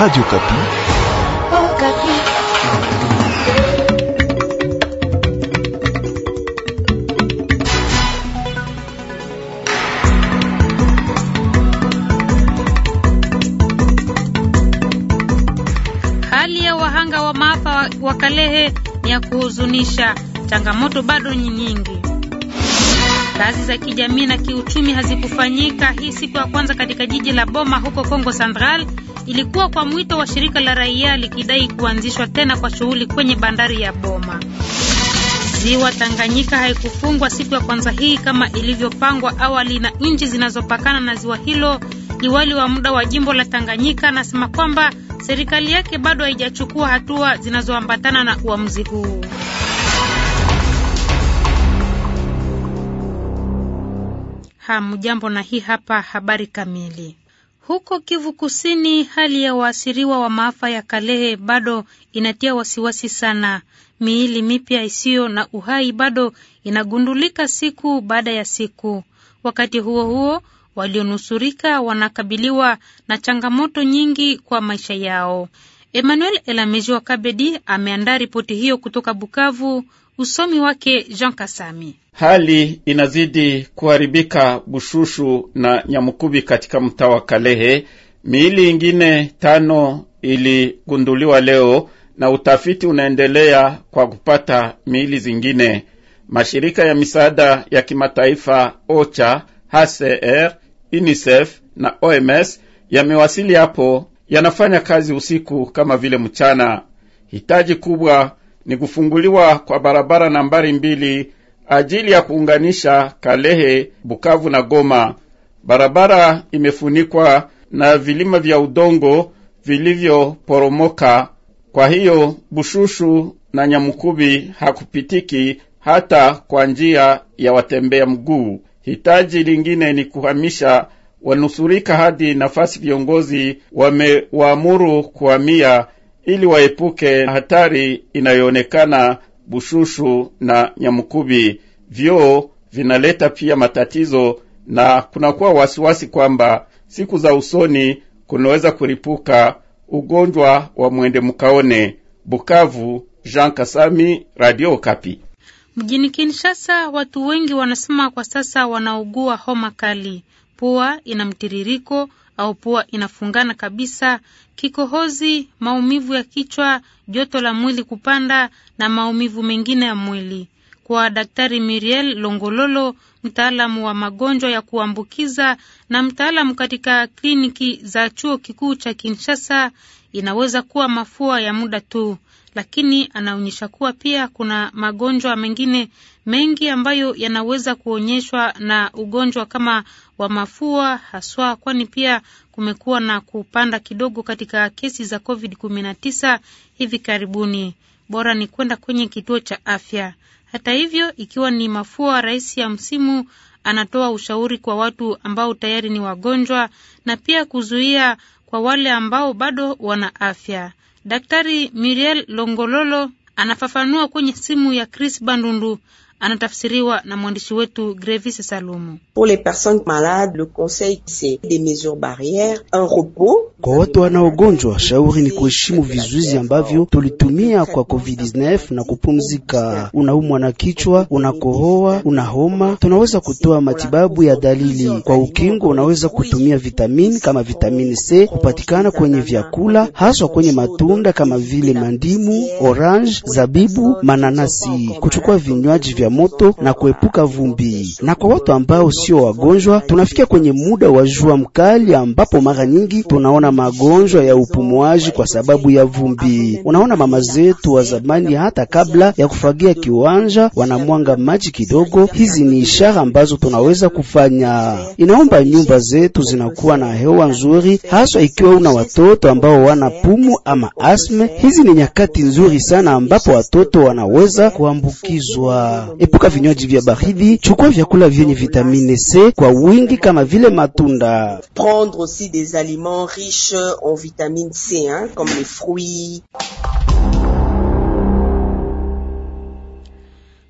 Radio Kapi. Oh, Kapi. Hali ya wahanga wa maafa wa Kalehe ni ya kuhuzunisha. Changamoto bado ni nyingi. Kazi za kijamii na kiuchumi hazikufanyika hii siku ya kwanza katika jiji la Boma huko Kongo Central ilikuwa kwa mwito wa shirika la raia likidai kuanzishwa tena kwa shughuli kwenye bandari ya Boma. Ziwa Tanganyika haikufungwa siku ya kwanza hii kama ilivyopangwa awali na nchi zinazopakana na ziwa hilo. Liwali wa muda wa jimbo la Tanganyika anasema kwamba serikali yake bado haijachukua hatua zinazoambatana na uamuzi huu. Hamjambo, na hii hapa habari kamili. Huko Kivu Kusini, hali ya waasiriwa wa maafa ya Kalehe bado inatia wasiwasi sana. Miili mipya isiyo na uhai bado inagundulika siku baada ya siku. Wakati huo huo, walionusurika wanakabiliwa na changamoto nyingi kwa maisha yao. Emmanuel Elameji wa Kabedi ameandaa ripoti hiyo kutoka Bukavu. Usomi wake Jean Kasami. Hali inazidi kuharibika Bushushu na Nyamukubi katika mtaa wa Kalehe. Miili ingine tano iligunduliwa leo na utafiti unaendelea kwa kupata miili zingine. Mashirika ya misaada ya kimataifa OCHA, HCR, UNICEF na OMS yamewasili hapo, yanafanya kazi usiku kama vile mchana. Hitaji kubwa ni kufunguliwa kwa barabara nambari mbili ajili ya kuunganisha Kalehe, Bukavu na Goma. Barabara imefunikwa na vilima vya udongo vilivyoporomoka, kwa hiyo Bushushu na Nyamukubi hakupitiki hata kwa njia ya watembea mguu. Hitaji lingine ni kuhamisha wanusurika hadi nafasi viongozi wamewaamuru kuhamia ili waepuke hatari inayoonekana Bushushu na Nyamukubi. Vyoo vinaleta pia matatizo na kunakuwa wasiwasi kwamba siku za usoni kunaweza kuripuka ugonjwa wa mwende mkaone. Bukavu, Jean Kasami, Radio Kapi. Mjini Kinshasa watu wengi wanasema kwa sasa wanaugua homa kali, pua ina mtiririko, au pua inafungana kabisa, kikohozi, maumivu ya kichwa, joto la mwili kupanda na maumivu mengine ya mwili. Kwa Daktari Miriel Longololo, mtaalamu wa magonjwa ya kuambukiza na mtaalamu katika kliniki za chuo kikuu cha Kinshasa, inaweza kuwa mafua ya muda tu lakini anaonyesha kuwa pia kuna magonjwa mengine mengi ambayo yanaweza kuonyeshwa na ugonjwa kama wa mafua haswa, kwani pia kumekuwa na kupanda kidogo katika kesi za COVID-19 hivi karibuni. Bora ni kwenda kwenye kituo cha afya. Hata hivyo, ikiwa ni mafua, rais ya msimu anatoa ushauri kwa watu ambao tayari ni wagonjwa na pia kuzuia kwa wale ambao bado wana afya. Daktari miriel Longololo anafafanua kwenye simu ya Chris Bandundu anatafsiriwa na mwandishi wetu Grevis Salumu. Kwa watu wanaogonjwa, shauri ni kuheshimu vizuizi ambavyo tulitumia kwa COVID-19 na kupumzika. Unaumwa na kichwa, unakohoa, una homa, tunaweza kutoa matibabu ya dalili. Kwa ukingo, unaweza kutumia vitamini kama vitamini C kupatikana kwenye vyakula, haswa kwenye matunda kama vile mandimu, orange, zabibu, mananasi. Kuchukua vinywaji vya moto na kuepuka vumbi. Na kwa watu ambao sio wagonjwa, tunafikia kwenye muda wa jua mkali, ambapo mara nyingi tunaona magonjwa ya upumuaji kwa sababu ya vumbi. Unaona mama zetu wa zamani, hata kabla ya kufagia kiwanja, wanamwanga maji kidogo. Hizi ni ishara ambazo tunaweza kufanya. Inaomba nyumba zetu zinakuwa na hewa nzuri, haswa ikiwa una watoto ambao wana pumu ama asme. Hizi ni nyakati nzuri sana ambapo watoto wanaweza kuambukizwa epuka vinywaji vya baridi, chukua vyakula vyenye vitamine C kwa wingi kama vile matunda. Prendre aussi des aliments riches en vitamine C hein, comme les fruits.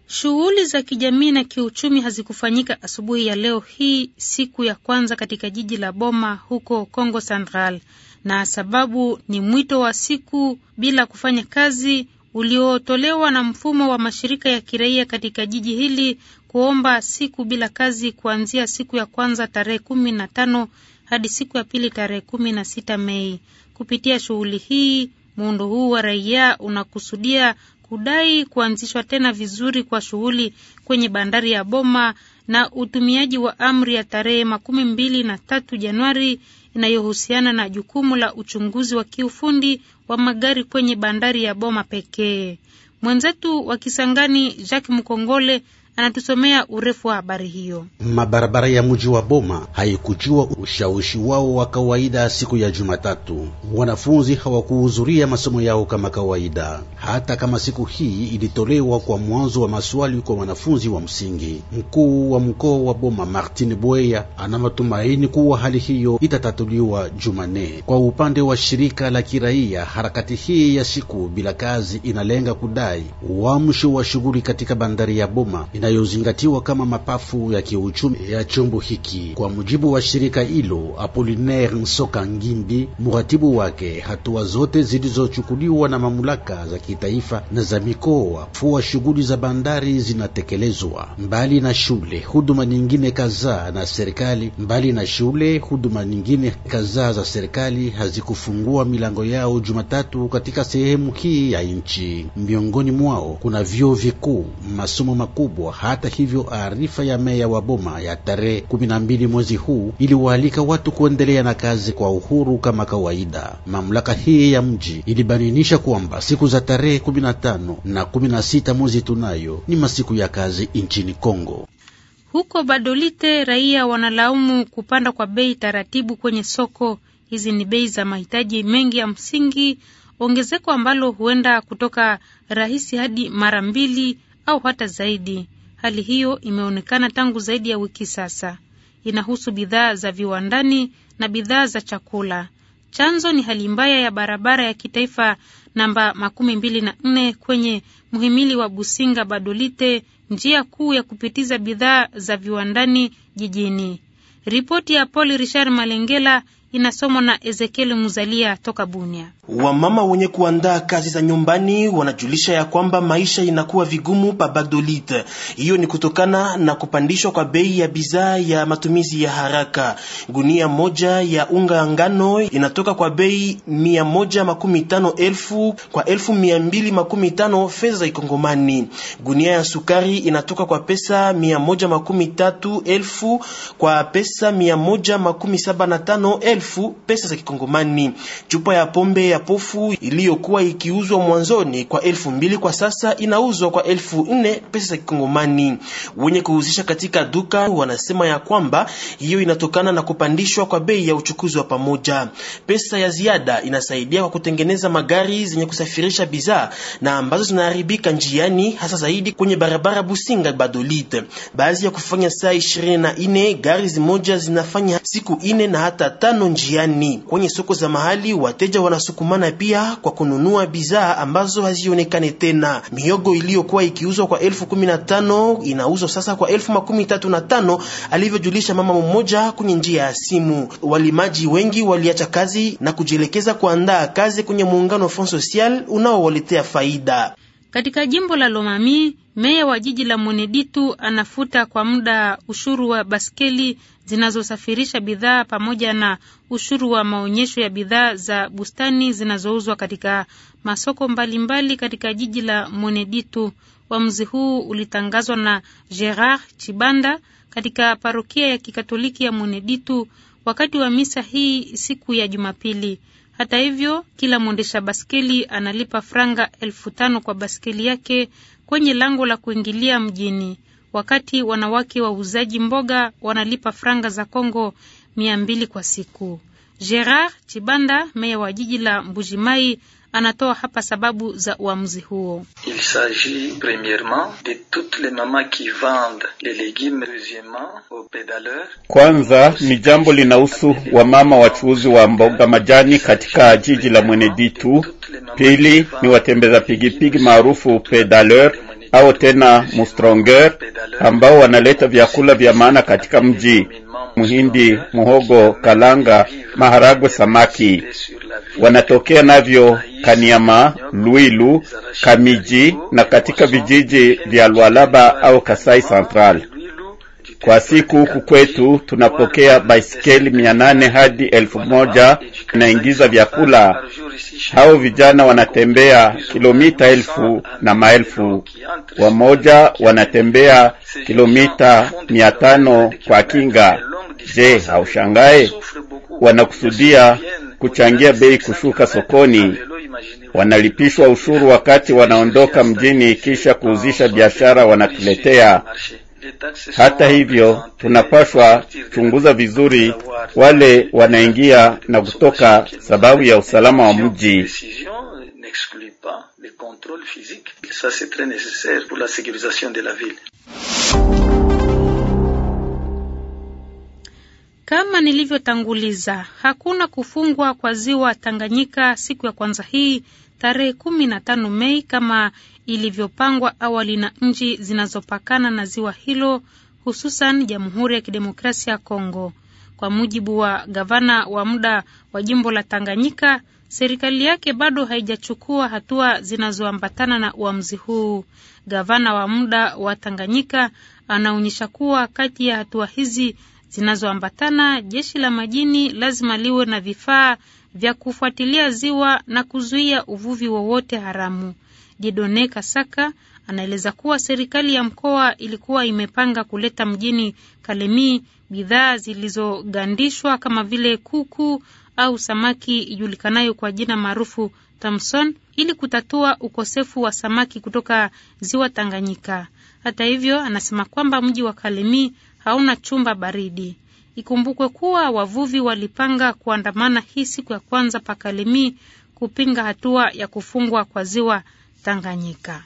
Shughuli za kijamii na kiuchumi hazikufanyika asubuhi ya leo hii, siku ya kwanza katika jiji la Boma huko Kongo Central, na sababu ni mwito wa siku bila kufanya kazi uliotolewa na mfumo wa mashirika ya kiraia katika jiji hili kuomba siku bila kazi kuanzia siku ya kwanza tarehe kumi na tano hadi siku ya pili tarehe kumi na sita Mei. Kupitia shughuli hii, muundo huu wa raia unakusudia kudai kuanzishwa tena vizuri kwa shughuli kwenye bandari ya Boma na utumiaji wa amri ya tarehe makumi mbili na tatu Januari inayohusiana na jukumu la uchunguzi wa kiufundi wa magari kwenye bandari ya Boma pekee. Mwenzetu wa Kisangani Jacques Mkongole anatusomea urefu wa habari hiyo. Mabarabara ya mji wa Boma haikujua ushawishi wao wa kawaida. Siku ya Jumatatu wanafunzi hawakuhudhuria masomo yao kama kawaida, hata kama siku hii ilitolewa kwa mwanzo wa maswali kwa wanafunzi wa msingi. Mkuu wa mkoa wa Boma Martin Bweya ana matumaini kuwa hali hiyo itatatuliwa Jumanne. Kwa upande wa shirika la kiraia, harakati hii ya siku bila kazi inalenga kudai uamsho wa shughuli katika bandari ya Boma ina yanayozingatiwa kama mapafu ya kiuchumi ya chombo hiki. Kwa mujibu wa shirika hilo, Apolinaire Nsoka Ngimbi, muratibu wake, hatua zote zilizochukuliwa na mamlaka za kitaifa na za mikoa fua shughuli za bandari zinatekelezwa. Mbali na shule, huduma nyingine kadhaa na serikali mbali na shule, huduma nyingine kadhaa za serikali hazikufungua milango yao Jumatatu katika sehemu hii ya nchi. Miongoni mwao kuna vyuo vikuu, masomo makubwa hata hivyo, arifa ya meya wa Boma ya tarehe 12 mwezi huu iliwaalika watu kuendelea na kazi kwa uhuru kama kawaida. Mamlaka hii ya mji ilibainisha kwamba siku za tarehe 15 na 16 mwezi tunayo ni masiku ya kazi nchini Kongo. Huko Badolite raia wanalaumu kupanda kwa bei taratibu kwenye soko. Hizi ni bei za mahitaji mengi ya msingi, ongezeko ambalo huenda kutoka rahisi hadi mara mbili au hata zaidi. Hali hiyo imeonekana tangu zaidi ya wiki sasa. Inahusu bidhaa za viwandani na bidhaa za chakula. Chanzo ni hali mbaya ya barabara ya kitaifa namba makumi mbili na nne kwenye mhimili wa Businga Badolite, njia kuu ya kupitiza bidhaa za viwandani jijini. Ripoti ya Paul Richard Malengela inasomwa na Ezekiel Muzalia toka Bunia. Wamama wenye kuandaa kazi za nyumbani wanajulisha ya kwamba maisha inakuwa vigumu pa Bagdolit. Hiyo ni kutokana na kupandishwa kwa bei ya bidhaa ya matumizi ya haraka. Gunia moja ya unga ngano inatoka kwa bei mia moja makumi tano elfu kwa elfu mia mbili makumi tano fedha za Ikongomani. Gunia ya sukari inatoka kwa pesa mia moja makumi tatu elfu kwa pesa mia moja makumi saba na tano elfu elfu pesa za Kikongomani. Chupa ya pombe ya pofu iliyokuwa ikiuzwa mwanzoni kwa elfu mbili kwa sasa inauzwa kwa elfu nne pesa za Kikongomani. Wenye kuhusisha katika duka wanasema ya kwamba hiyo inatokana na kupandishwa kwa bei ya uchukuzi wa pamoja. Pesa ya ziada inasaidia kwa kutengeneza magari zenye kusafirisha bidhaa na ambazo zinaharibika njiani, hasa zaidi kwenye barabara Businga Badolite. Baadhi ya kufanya saa nne gari zimoja zinafanya siku ine na hata tano njiani. Kwenye soko za mahali, wateja wanasukumana pia kwa kununua bidhaa ambazo hazionekane tena. Miogo iliyokuwa ikiuzwa kwa elfu kumi na tano inauzwa sasa kwa elfu makumi tatu na tano alivyojulisha mama mmoja kwenye njia ya simu. Walimaji wengi waliacha kazi na kujielekeza kuandaa kazi kwenye muungano Fond Social unaowaletea faida. Katika jimbo la Lomami, meya wa jiji la Mweneditu anafuta kwa muda ushuru wa baskeli zinazosafirisha bidhaa pamoja na ushuru wa maonyesho ya bidhaa za bustani zinazouzwa katika masoko mbalimbali mbali katika jiji la Moneditu. Uamuzi huu ulitangazwa na Gerard Chibanda katika parokia ya Kikatoliki ya Moneditu wakati wa misa hii siku ya Jumapili. Hata hivyo, kila mwendesha baskeli analipa franga elfu tano kwa baskeli yake kwenye lango la kuingilia mjini wakati wanawake wauzaji mboga wanalipa franga za Kongo mia mbili kwa siku. Gerard Chibanda, meya wa jiji la Mbujimai, anatoa hapa sababu za uamuzi huo. Il s'agit premièrement de toutes les mamas qui vendent les legumes, deuxièmement aux pedaleurs. Kwanza ni jambo linahusu wamama wachuuzi wa mboga majani katika jiji la Mweneditu. Pili ni watembeza pigipigi maarufu pedaleur au tena mustronger ambao wanaleta vyakula vya maana katika mji: muhindi, muhogo, kalanga, maharagwe, samaki. Wanatokea navyo Kaniama, Luilu, Kamiji na katika vijiji vya Lwalaba au Kasai Central. Kwa siku huku kwetu tunapokea baisikeli mia nane hadi elfu moja inaingiza vyakula. Hao vijana wanatembea kilomita elfu na maelfu, wamoja wanatembea kilomita mia tano kwa kinga. Je, haushangae? Wanakusudia kuchangia bei kushuka sokoni. Wanalipishwa ushuru wakati wanaondoka mjini, kisha kuuzisha biashara wanatuletea hata hivyo, tunapashwa chunguza vizuri wale wanaingia na kutoka, sababu ya usalama wa mji. nilivyotanguliza, hakuna kufungwa kwa ziwa Tanganyika siku ya kwanza hii tarehe kumi na tano Mei kama ilivyopangwa awali na nchi zinazopakana na ziwa hilo, hususan Jamhuri ya Kidemokrasia ya Kongo. Kwa mujibu wa gavana wa muda wa jimbo la Tanganyika, serikali yake bado haijachukua hatua zinazoambatana na uamuzi huu. Gavana wa muda wa Tanganyika anaonyesha kuwa kati ya hatua hizi zinazoambatana, jeshi la majini lazima liwe na vifaa vya kufuatilia ziwa na kuzuia uvuvi wowote haramu. Jidone Kasaka anaeleza kuwa serikali ya mkoa ilikuwa imepanga kuleta mjini Kalemi bidhaa zilizogandishwa kama vile kuku au samaki ijulikanayo kwa jina maarufu Thomson ili kutatua ukosefu wa samaki kutoka ziwa Tanganyika. Hata hivyo, anasema kwamba mji wa Kalemi hauna chumba baridi. Ikumbukwe kuwa wavuvi walipanga kuandamana hii siku ya kwanza pakalemi kupinga hatua ya kufungwa kwa ziwa Tanganyika.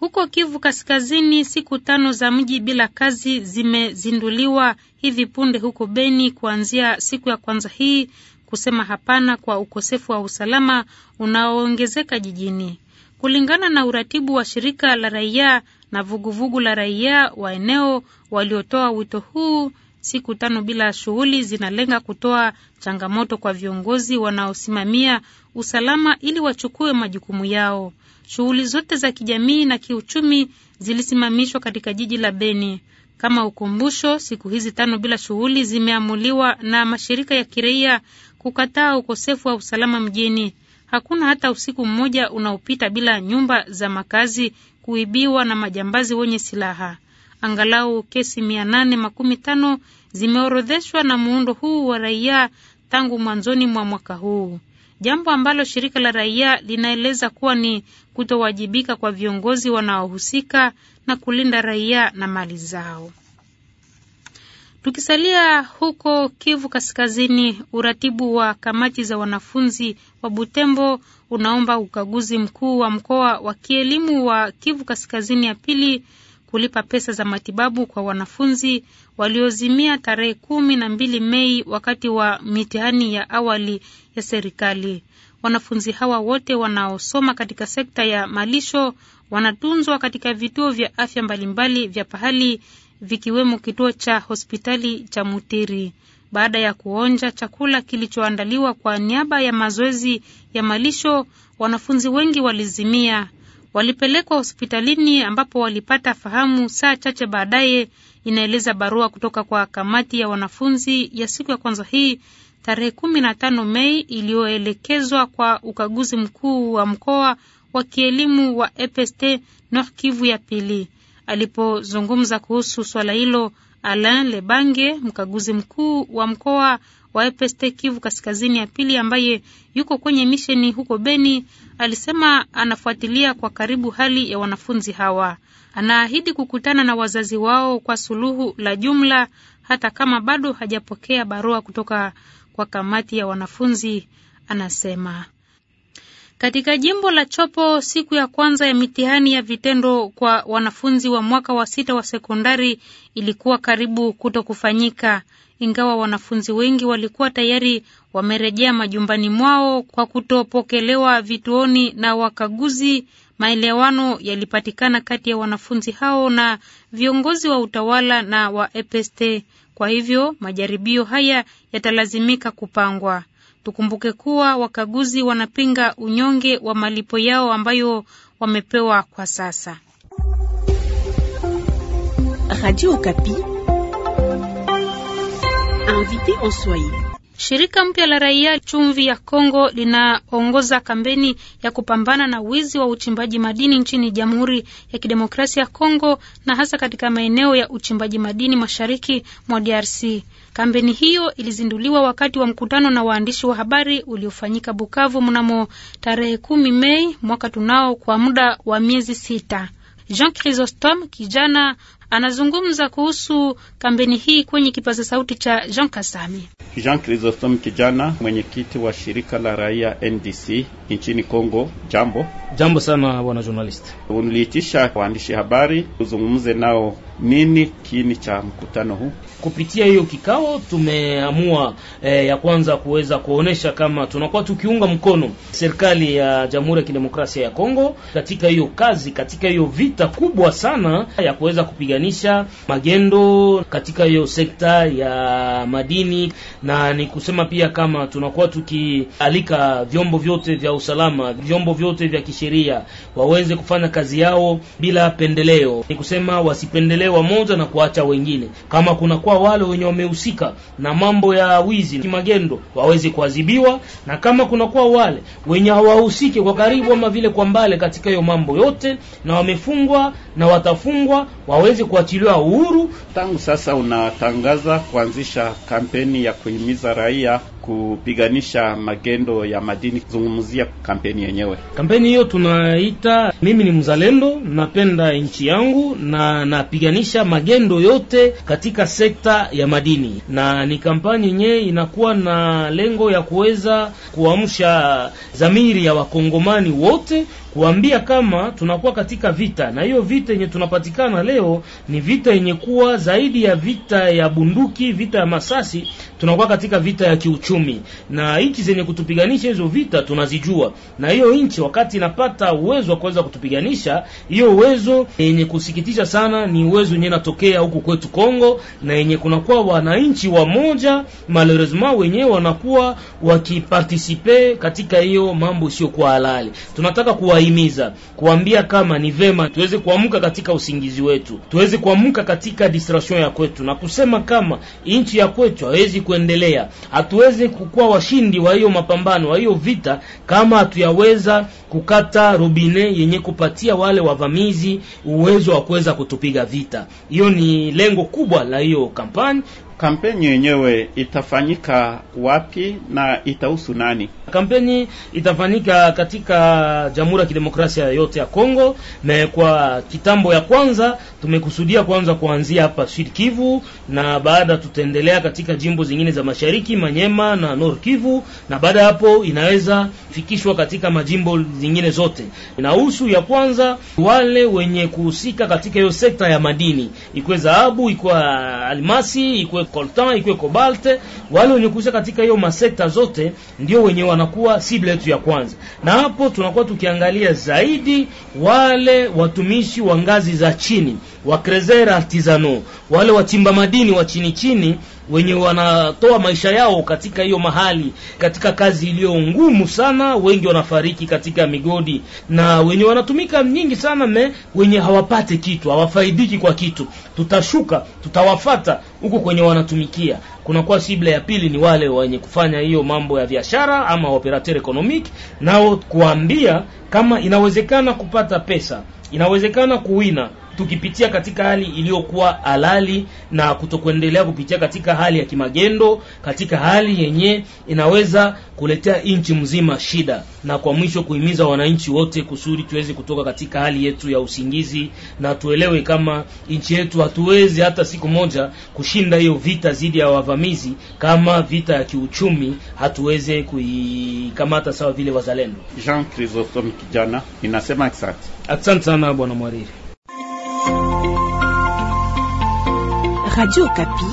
Huko Kivu Kaskazini, siku tano za mji bila kazi zimezinduliwa hivi punde huko Beni kuanzia siku ya kwanza hii, kusema hapana kwa ukosefu wa usalama unaoongezeka jijini kulingana na uratibu wa shirika la raia na vuguvugu la raia wa eneo waliotoa wito huu. Siku tano bila shughuli zinalenga kutoa changamoto kwa viongozi wanaosimamia usalama ili wachukue majukumu yao. Shughuli zote za kijamii na kiuchumi zilisimamishwa katika jiji la Beni. Kama ukumbusho, siku hizi tano bila shughuli zimeamuliwa na mashirika ya kiraia kukataa ukosefu wa usalama mjini. Hakuna hata usiku mmoja unaopita bila nyumba za makazi kuibiwa na majambazi wenye silaha. Angalau kesi mia nane makumi tano zimeorodheshwa na muundo huu wa raia tangu mwanzoni mwa mwaka huu, jambo ambalo shirika la raia linaeleza kuwa ni kutowajibika kwa viongozi wanaohusika na kulinda raia na mali zao. Tukisalia huko Kivu Kaskazini, uratibu wa kamati za wanafunzi wa Butembo unaomba ukaguzi mkuu wa mkoa wa kielimu wa Kivu Kaskazini ya pili kulipa pesa za matibabu kwa wanafunzi waliozimia tarehe kumi na mbili Mei wakati wa mitihani ya awali ya serikali. Wanafunzi hawa wote wanaosoma katika sekta ya malisho wanatunzwa katika vituo vya afya mbalimbali vya pahali vikiwemo kituo cha hospitali cha Mutiri. Baada ya kuonja chakula kilichoandaliwa kwa niaba ya mazoezi ya malisho, wanafunzi wengi walizimia. Walipelekwa hospitalini ambapo walipata fahamu saa chache baadaye, inaeleza barua kutoka kwa kamati ya wanafunzi ya siku ya kwanza hii tarehe 15 Mei iliyoelekezwa kwa ukaguzi mkuu wa mkoa wa kielimu wa EPST Nord Kivu ya pili. Alipozungumza kuhusu swala hilo, Alain Lebange, mkaguzi mkuu wa mkoa wa Epeste Kivu Kaskazini ya pili, ambaye yuko kwenye misheni huko Beni, alisema anafuatilia kwa karibu hali ya wanafunzi hawa. Anaahidi kukutana na wazazi wao kwa suluhu la jumla, hata kama bado hajapokea barua kutoka kwa kamati ya wanafunzi, anasema. Katika jimbo la Chopo, siku ya kwanza ya mitihani ya vitendo kwa wanafunzi wa mwaka wa sita wa sekondari ilikuwa karibu kuto kufanyika, ingawa wanafunzi wengi walikuwa tayari wamerejea majumbani mwao kwa kutopokelewa vituoni na wakaguzi. Maelewano yalipatikana kati ya wanafunzi hao na viongozi wa utawala na wa EPST. Kwa hivyo majaribio haya yatalazimika kupangwa. Tukumbuke kuwa wakaguzi wanapinga unyonge wa malipo yao ambayo wamepewa kwa sasa. Radio Okapi, invité en Swahili. Shirika mpya la raia Chumvi ya Kongo linaongoza kampeni ya kupambana na wizi wa uchimbaji madini nchini Jamhuri ya Kidemokrasia ya Kongo na hasa katika maeneo ya uchimbaji madini mashariki mwa DRC. Kampeni hiyo ilizinduliwa wakati wa mkutano na waandishi wa habari uliofanyika Bukavu mnamo tarehe kumi Mei mwaka tunao kwa muda wa miezi sita. Jean Chrysostome kijana anazungumza kuhusu kampeni hii kwenye kipaza sauti cha Jean Kasami. Jean Chrysostome Kijana, mwenyekiti wa shirika la raia NDC nchini Kongo. Jambo, jambo sana bwana journalist. Uliitisha waandishi habari uzungumze nao, nini kiini cha mkutano huu? Kupitia hiyo kikao tumeamua eh, ya kwanza kuweza kuonesha kama tunakuwa tukiunga mkono serikali ya Jamhuri ya Kidemokrasia ya Kongo katika hiyo kazi, katika hiyo vita kubwa sana ya kuweza kupiga kupiganisha magendo katika hiyo sekta ya madini, na ni kusema pia kama tunakuwa tukialika vyombo vyote vya usalama, vyombo vyote vya kisheria waweze kufanya kazi yao bila pendeleo, ni kusema wasipendelee wamoja na kuacha wengine. Kama kunakuwa wale wenye wamehusika na mambo ya wizi kimagendo, waweze kuadhibiwa, na kama kunakuwa wale wenye hawahusike kwa karibu ama vile kwa mbali katika hiyo mambo yote na wamefungwa na watafungwa waweze kuachiliwa uhuru. Tangu sasa unatangaza kuanzisha kampeni ya kuhimiza raia kupiganisha magendo ya madini. Zungumzia kampeni yenyewe. Kampeni hiyo tunaita mimi ni mzalendo, napenda nchi yangu na napiganisha magendo yote katika sekta ya madini, na ni kampani yenyewe inakuwa na lengo ya kuweza kuamsha dhamiri ya wakongomani wote kuambia kama tunakuwa katika vita, na hiyo vita yenye tunapatikana leo ni vita yenye kuwa zaidi ya vita ya bunduki, vita ya masasi, tunakuwa katika vita ya kiuchumi kiuchumi, na nchi zenye kutupiganisha hizo vita tunazijua, na hiyo nchi wakati inapata uwezo wa kuweza kutupiganisha, hiyo uwezo yenye kusikitisha sana ni uwezo yenye natokea huku kwetu Kongo, na yenye kunakuwa wananchi wamoja maleresma wenyewe wanakuwa wakipartisipe katika hiyo mambo isiyokuwa halali. Tunataka kuwahimiza kuambia kama ni vema tuweze kuamka katika usingizi wetu, tuweze kuamka katika distraction ya kwetu na kusema kama nchi ya kwetu hawezi kuendelea, hatuwezi hatuwezi kukuwa washindi wa hiyo mapambano wa hiyo vita kama hatuyaweza kukata rubine yenye kupatia wale wavamizi uwezo wa kuweza kutupiga vita hiyo ni lengo kubwa la hiyo kampani Kampeni yenyewe itafanyika wapi na itahusu nani? Kampeni itafanyika katika Jamhuri ya Kidemokrasia yote ya Kongo, na kwa kitambo ya kwanza tumekusudia kwanza kuanzia hapa Sud Kivu, na baada tutaendelea katika jimbo zingine za Mashariki, Manyema na Nord Kivu, na baada hapo inaweza fikishwa katika majimbo zingine zote. Inahusu ya kwanza wale wenye kuhusika katika hiyo sekta ya madini, ikuwe dhahabu, ikuwe almasi, ikuwe coltan ikuwe cobalt, wale wenye kuisha katika hiyo masekta zote ndio wenye wanakuwa sible yetu ya kwanza, na hapo tunakuwa tukiangalia zaidi wale watumishi wa ngazi za chini wa artisano, wale wachimba madini wa chini chini wenye wanatoa maisha yao katika hiyo mahali, katika kazi iliyo ngumu sana. Wengi wanafariki katika migodi na wenye wanatumika nyingi sana me, wenye hawapate kitu, hawafaidiki kwa kitu. Tutashuka, tutawafata huko kwenye wanatumikia. Kunakuwa sibla ya pili ni wale wenye kufanya hiyo mambo ya biashara ama operateur economic nao kuambia kama inawezekana kupata pesa, inawezekana kuwina tukipitia katika hali iliyokuwa halali na kutokuendelea kupitia katika hali ya kimagendo, katika hali yenye inaweza kuletea nchi mzima shida, na kwa mwisho kuhimiza wananchi wote kusudi tuweze kutoka katika hali yetu ya usingizi, na tuelewe kama nchi yetu hatuwezi hata siku moja kushinda hiyo vita dhidi ya wavamizi, kama vita ya kiuchumi hatuweze kuikamata sawa vile wazalendo. Jean Chrysostome Kijana, inasema asante sana bwana mwariri. Radio Kapi,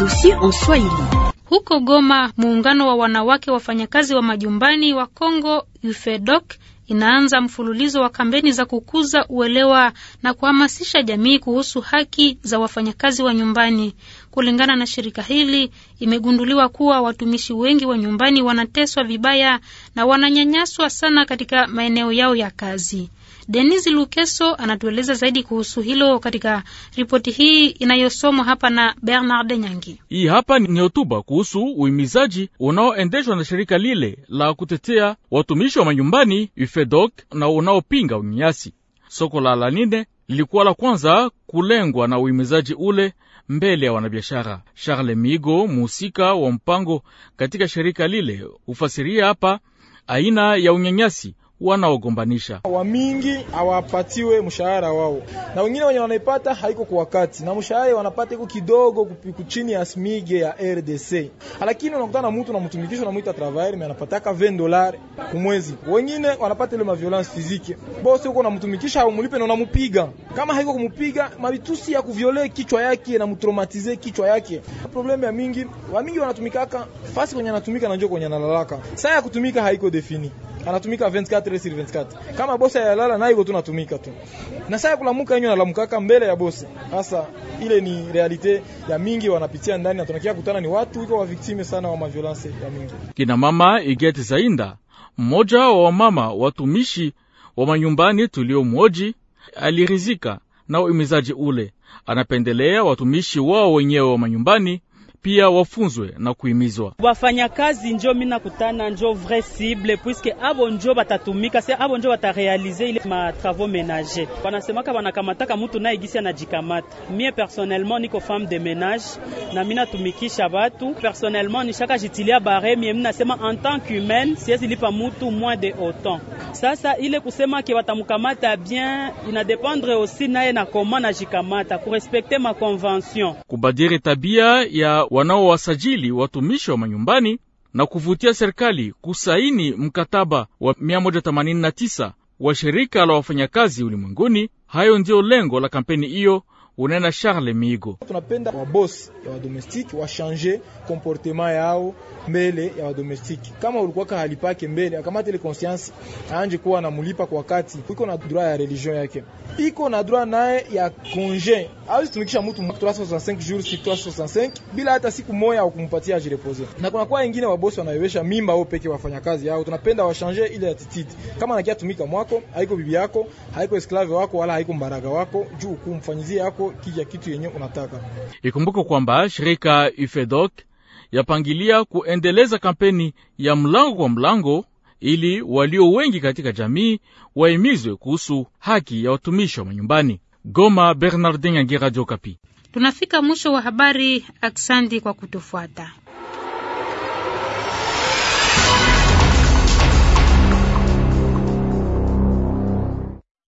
dossier en Swahili. Huko Goma, muungano wa wanawake wafanyakazi wa majumbani wa Kongo UFEDOC inaanza mfululizo wa kampeni za kukuza uelewa na kuhamasisha jamii kuhusu haki za wafanyakazi wa nyumbani. Kulingana na shirika hili, imegunduliwa kuwa watumishi wengi wa nyumbani wanateswa vibaya na wananyanyaswa sana katika maeneo yao ya kazi. Denis Lukeso anatueleza zaidi kuhusu hilo katika ripoti hii inayosomwa hapa na Bernard Nyangi. Hii hapa ni hotuba kuhusu uhimizaji unaoendeshwa na shirika lile la kutetea watumishi wa manyumbani UFEDOC na unaopinga unyanyasi Soko la Lanine lilikuwa la kwanza kulengwa na uhimizaji ule mbele ya wanabiashara. Charles Migo, muhusika wa mpango katika shirika lile, hufasiria hapa aina ya unyanyasi wanaogombanisha wamingi hawapatiwe mshahara wao, na wengine wenye wanaipata haiko kwa wakati, na mshahara wanapata iko kidogo kuchini ya smige ya RDC. Lakini unakutana mtu na mtumikisho namwita travailleur me anapataka 20 dollars kwa mwezi, wengine wanapata ile ma violence physique. Bosi uko namtumikisha au mlipe na unamupiga, kama haiko kumpiga mabitusi ya kuviole kichwa yake na mtraumatize kichwa yake. Problem ya mingi wamingi wanatumikaka fasi kwenye anatumika na njoo kwenye analalaka, saa ya kutumika haiko defini, anatumika 24 24 Kama bosi ayalala na iko tunatumika tu. Na saa kulamuka yenyewe nalamkaka mbele ya bosi. hasa ile ni realite ya mingi wanapitia ndani na tunakia kutana ni watu iko wa victime sana wa maviolence ya mingi. Kina mama Igeti Zainda, mmoja wa wamama watumishi wa manyumbani mwoji alirizika na uimizaji ule. Anapendelea watumishi wao wenyewe wa manyumbani pia wafunzwe na kuhimizwa. Wafanyakazi njo minakutana njo vrai cible puisque abo njo batatumika se abo njo batarealize ile ma travaux ménagers. Wanasemaka wanakamataka mutu na igisi anajikamata. Mie personnellement niko femme de ménage na mina batu personnellement, nishaka jitilia bare mie minasema en tant qu'humaine siwezi lipa mutu moins de autant. Sasa ile kusema ke watamukamata bien inadependre aussi naye na koma najikamata kurespekte ma convention kubadiri tabia ya wanaowasajili watumishi wa manyumbani na kuvutia serikali kusaini mkataba wa 189 wa shirika la wafanyakazi ulimwenguni. Hayo ndiyo lengo la kampeni hiyo unena Charles Migo. Tunapenda wabosi ya wadomestiki washanje komportema yao mbele ya wadomestiki. Kama ulikuwaka halipake mbele, akamate ile conscience, anje kuwa anamulipa kwa wakati. Iko na droit ya religion yake, iko na droit naye ya congé. Hawezi tumikisha mtu 365 jours sur 365 bila hata siku moja au kumpatia ajirepose. Na kuna kwa wengine wabosi wanaiwesha mimba wao peke wafanya kazi yao. Tunapenda washanje ile attitude. Kama anakia tumika mwako, haiko bibi yako, haiko esklave wako wala haiko mbaraga wako, juu kumfanyizia yako yako kija kitu yenye unataka. Ikumbuke kwamba shirika Ifedok yapangilia kuendeleza kampeni ya mlango kwa mlango ili walio wengi katika jamii wahimizwe kuhusu haki ya watumishi wa manyumbani. Goma, Bernardin Yangira, Radio Tunafika mwisho wa habari. Aksandi kwa kutufuata.